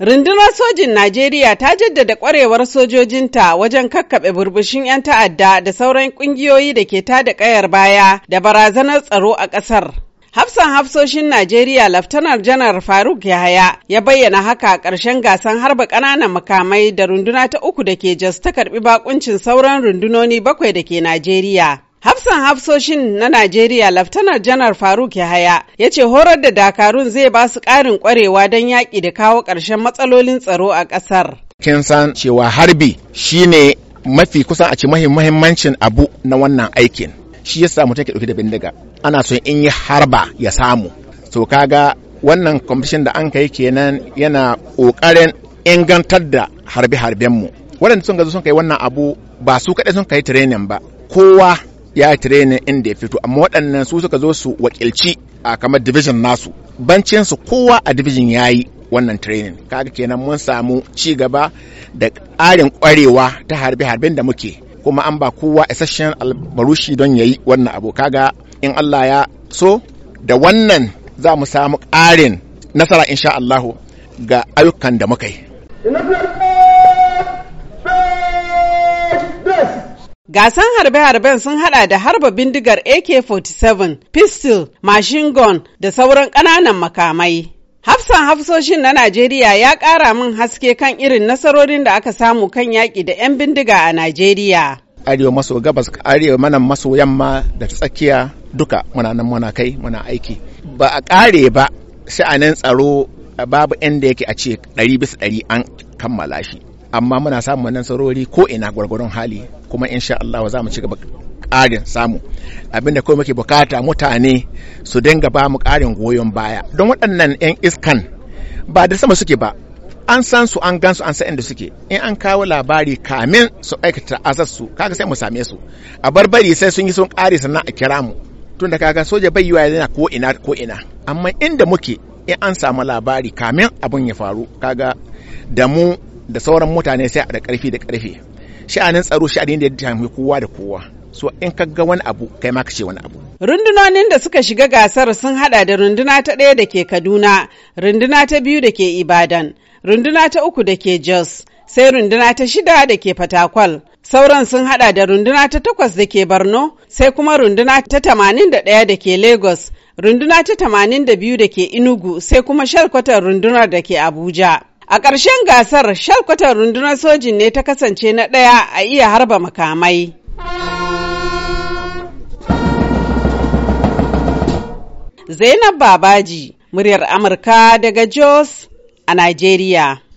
Rundunar sojin Najeriya ta jaddada kwarewar sojojinta wajen kakkaɓe burbushin 'yan ta'adda da sauran ƙungiyoyi da ke ta da ƙayar baya da barazanar tsaro a ƙasar. Hafsan hafsoshin Najeriya Laftanar Janar Faruk Yahaya ya bayyana haka a ƙarshen gasan harba ƙananan makamai da runduna ta uku da ke jas ta karɓi bakuncin sauran rundunoni bakwai da ke Najeriya. Hafsan hafsoshin na Najeriya Laftanar Janar Faruk Yahaya ya ce horar da dakarun zai ba su ƙarin kwarewa don yaƙi da kawo ƙarshen matsalolin tsaro a ƙasar. Kin san cewa harbi shine mafi kusan a ce mahimmancin abu na wannan aikin. Shi ya samu take ɗauki da bindiga. Ana so in yi harba ya samu. so kaga wannan kwamishin da an kai kenan yana ƙoƙarin ingantar da harbe-harbenmu. Waɗanda sun gazo sun kai wannan abu ba su kaɗai sun kai training ba. Kowa ya training inda ya fito amma waɗannan su suka zo su wakilci a kamar division nasu bancinsu kowa a division ya yi wannan training kaga kenan mun samu ci gaba da ƙarin ƙwarewa ta harbe-harben da muke kuma an ba kowa isasshen albarushi don ya yi wannan abu kaga in Allah ya so da wannan za mu samu ƙarin nasara insha Allahu ga ayyukan da muka yi. Gasan harbe-harben sun hada da harba bindigar AK-47, pistol, machine gun da sauran ƙananan makamai. Hafsan hafsoshin na Najeriya ya ƙara min haske kan irin nasarorin da aka samu kan yaƙi da 'yan bindiga a Najeriya. Arewa maso gabas, arewa mana maso yamma da tsakiya duka muna nan muna kai muna aiki. Ba a ƙare ba sha'anin tsaro babu inda yake a ce ɗari bisa ɗari an kammala shi. amma muna samun wannan sarori ko ina gwargwaron hali kuma insha Allah za mu ci gaba ƙarin samu abinda kawai muke bukata mutane su dinga ba mu ƙarin goyon baya don waɗannan 'yan iskan ba da sama suke ba an san su an gan su an san inda suke in an kawo labari kamin su aikata azar su kaga sai mu same su a barbari sai sun yi sun kare sannan a kira mu tun da kaga soja bai yiwa yana ko ina ko ina amma inda muke in an samu labari kamin abun ya faru kaga da mu da sauran mutane sai da karfi da karfi sha'anin tsaro sha'anin da ya dami kowa da kowa so in ka ga wani abu kai ma ka ce wani abu rundunonin da suka shiga gasar sun hada da runduna ta ɗaya da ke kaduna runduna ta biyu da ke ibadan runduna ta uku da ke jos sai runduna ta shida da ke fatakwal sauran sun hada da runduna ta takwas da ke borno sai kuma runduna ta tamanin da ɗaya da ke lagos runduna ta tamanin da biyu da ke inugu sai kuma shalkwatar rundunar da ke abuja A ƙarshen gasar, shalkwatar rundunar sojin ne ta kasance na ɗaya a iya harba makamai. Zainab Babaji, muryar Amurka daga Jos a Najeriya.